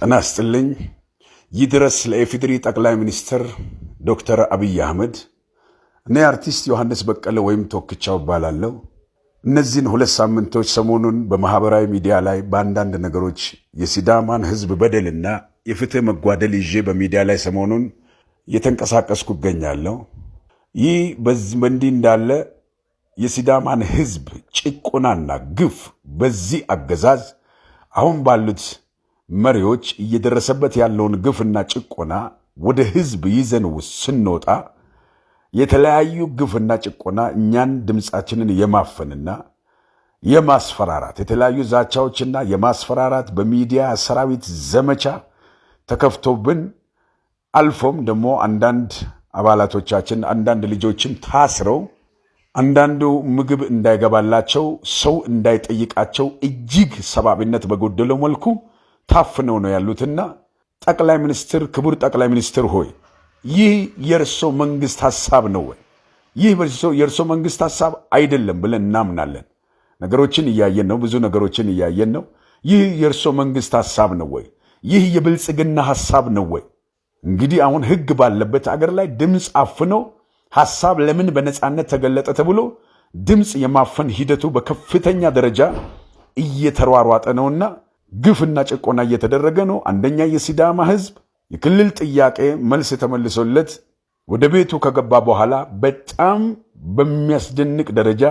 ጤና ይስጥልኝ። ይህ ድረስ ለኢፌዴሪ ጠቅላይ ሚኒስትር ዶክተር አብይ አህመድ። እኔ አርቲስት ዮሐንስ በቀለ ወይም ቶክቻው እባላለሁ። እነዚህን ሁለት ሳምንቶች ሰሞኑን በማህበራዊ ሚዲያ ላይ በአንዳንድ ነገሮች የሲዳማን ሕዝብ በደልና የፍትህ መጓደል ይዤ በሚዲያ ላይ ሰሞኑን እየተንቀሳቀስኩ እገኛለሁ። ይህ በእንዲህ እንዳለ የሲዳማን ሕዝብ ጭቆናና ግፍ በዚህ አገዛዝ አሁን ባሉት መሪዎች እየደረሰበት ያለውን ግፍና ጭቆና ወደ ህዝብ ይዘን ስንወጣ የተለያዩ ግፍና ጭቆና እኛን ድምፃችንን የማፈንና የማስፈራራት የተለያዩ ዛቻዎችና የማስፈራራት በሚዲያ ሰራዊት ዘመቻ ተከፍቶብን አልፎም ደግሞ አንዳንድ አባላቶቻችን አንዳንድ ልጆችም ታስረው አንዳንዱ ምግብ እንዳይገባላቸው ሰው እንዳይጠይቃቸው እጅግ ሰብአዊነት በጎደለው መልኩ ታፍነው ነው ያሉትና ጠቅላይ ሚኒስትር ክቡር ጠቅላይ ሚኒስትር ሆይ ይህ የእርሶ መንግስት ሀሳብ ነው ወይ? ይህ የእርሶ መንግስት ሀሳብ አይደለም ብለን እናምናለን። ነገሮችን እያየን ነው። ብዙ ነገሮችን እያየን ነው። ይህ የእርሶ መንግስት ሀሳብ ነው ወይ? ይህ የብልጽግና ሀሳብ ነው ወይ? እንግዲህ አሁን ህግ ባለበት አገር ላይ ድምፅ አፍነው ሀሳብ ለምን በነፃነት ተገለጠ ተብሎ ድምፅ የማፈን ሂደቱ በከፍተኛ ደረጃ እየተሯሯጠ ነውና ግፍና ጭቆና እየተደረገ ነው። አንደኛ የሲዳማ ህዝብ የክልል ጥያቄ መልስ የተመልሶለት ወደ ቤቱ ከገባ በኋላ በጣም በሚያስደንቅ ደረጃ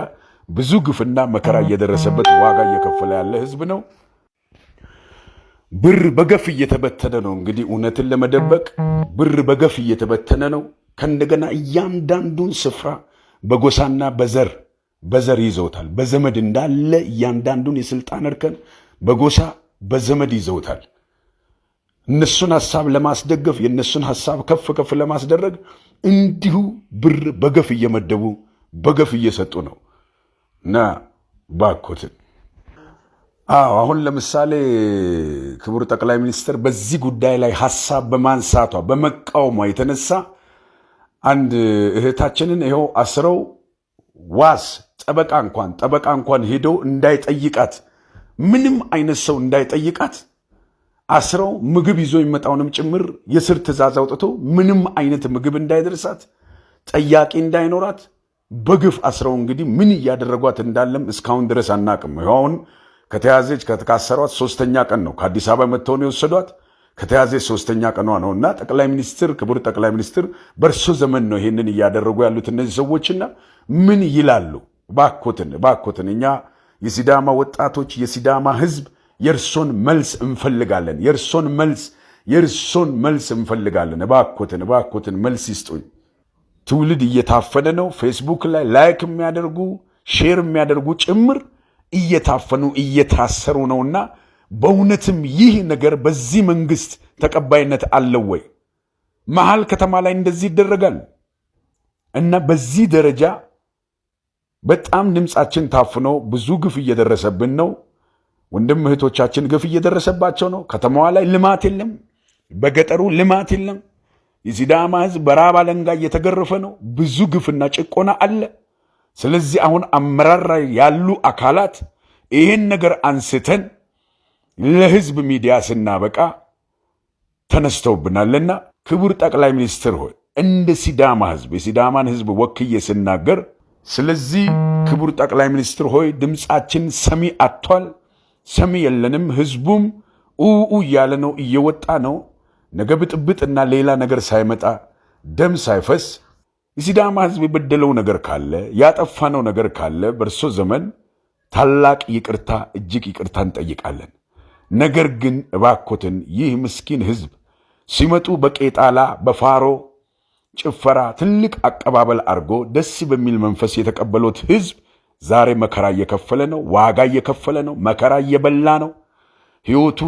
ብዙ ግፍና መከራ እየደረሰበት ዋጋ እየከፈለ ያለ ህዝብ ነው። ብር በገፍ እየተበተነ ነው። እንግዲህ እውነትን ለመደበቅ ብር በገፍ እየተበተነ ነው። ከእንደገና እያንዳንዱን ስፍራ በጎሳና በዘር በዘር ይዘውታል። በዘመድ እንዳለ እያንዳንዱን የስልጣን እርከን በጎሳ በዘመድ ይዘውታል። እነሱን ሐሳብ ለማስደገፍ የእነሱን ሐሳብ ከፍ ከፍ ለማስደረግ እንዲሁ ብር በገፍ እየመደቡ በገፍ እየሰጡ ነው። እና ባኮትን አዎ፣ አሁን ለምሳሌ ክቡር ጠቅላይ ሚኒስትር በዚህ ጉዳይ ላይ ሐሳብ በማንሳቷ በመቃወሟ የተነሳ አንድ እህታችንን ይኸው አስረው ዋስ ጠበቃ እንኳን ጠበቃ እንኳን ሄደው እንዳይጠይቃት ምንም አይነት ሰው እንዳይጠይቃት አስረው ምግብ ይዞ የሚመጣውንም ጭምር የስር ትእዛዝ አውጥቶ ምንም አይነት ምግብ እንዳይደርሳት ጠያቂ እንዳይኖራት በግፍ አስረው እንግዲህ ምን እያደረጓት እንዳለም እስካሁን ድረስ አናቅም። ይኸውን ከተያዘች ከተካሰሯት ሶስተኛ ቀን ነው። ከአዲስ አበባ መጥተውን የወሰዷት ከተያዘች ሶስተኛ ቀኗ ነው እና ጠቅላይ ሚኒስትር ክቡር ጠቅላይ ሚኒስትር በእርሶ ዘመን ነው ይህንን እያደረጉ ያሉት እነዚህ ሰዎችና ምን ይላሉ? ባኮትን ባኮትን እኛ የሲዳማ ወጣቶች፣ የሲዳማ ህዝብ የእርሶን መልስ እንፈልጋለን። የእርሶን መልስ የእርሶን መልስ እንፈልጋለን። እባኮትን እባኮትን መልስ ይስጡኝ። ትውልድ እየታፈነ ነው። ፌስቡክ ላይ ላይክ የሚያደርጉ ሼር የሚያደርጉ ጭምር እየታፈኑ እየታሰሩ ነውና በእውነትም ይህ ነገር በዚህ መንግስት ተቀባይነት አለው ወይ? መሀል ከተማ ላይ እንደዚህ ይደረጋል እና በዚህ ደረጃ በጣም ድምፃችን ታፍኖ ብዙ ግፍ እየደረሰብን ነው። ወንድም እህቶቻችን ግፍ እየደረሰባቸው ነው። ከተማዋ ላይ ልማት የለም፣ በገጠሩ ልማት የለም። የሲዳማ ህዝብ በራብ አለንጋ እየተገረፈ ነው። ብዙ ግፍና ጭቆና አለ። ስለዚህ አሁን አመራር ላይ ያሉ አካላት ይህን ነገር አንስተን ለህዝብ ሚዲያ ስናበቃ ተነስተውብናልና፣ ክቡር ጠቅላይ ሚኒስትር ሆይ እንደ ሲዳማ ህዝብ የሲዳማን ህዝብ ወክዬ ስናገር ስለዚህ ክቡር ጠቅላይ ሚኒስትር ሆይ ድምፃችን ሰሚ አጥቷል፣ ሰሚ የለንም። ህዝቡም ኡኡ እያለ ነው፣ እየወጣ ነው። ነገ እና ሌላ ነገር ሳይመጣ ደም ሳይፈስ የሲዳማ ህዝብ የበደለው ነገር ካለ ያጠፋነው ነገር ካለ በእርሶ ዘመን ታላቅ ይቅርታ፣ እጅግ ይቅርታ እንጠይቃለን። ነገር ግን እባኮትን ይህ ምስኪን ህዝብ ሲመጡ በቄጣላ በፋሮ ጭፈራ፣ ትልቅ አቀባበል አድርጎ ደስ በሚል መንፈስ የተቀበሉት ህዝብ ዛሬ መከራ እየከፈለ ነው። ዋጋ እየከፈለ ነው። መከራ እየበላ ነው። ህይወቱ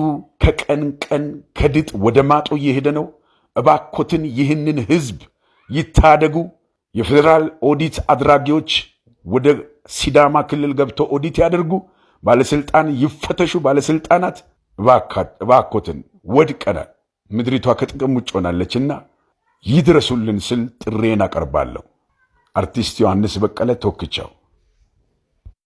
ከቀን ቀን ከድጥ ወደ ማጦ እየሄደ ነው። እባኮትን ይህንን ህዝብ ይታደጉ። የፌዴራል ኦዲት አድራጊዎች ወደ ሲዳማ ክልል ገብተው ኦዲት ያደርጉ። ባለስልጣን ይፈተሹ። ባለስልጣናት እባኮትን ወድቀናል፣ ምድሪቷ ከጥቅም ውጭ ሆናለችና ይድረሱልን ስል ጥሬን አቀርባለሁ። አርቲስት ዮሐንስ በቀለ ቶክቻው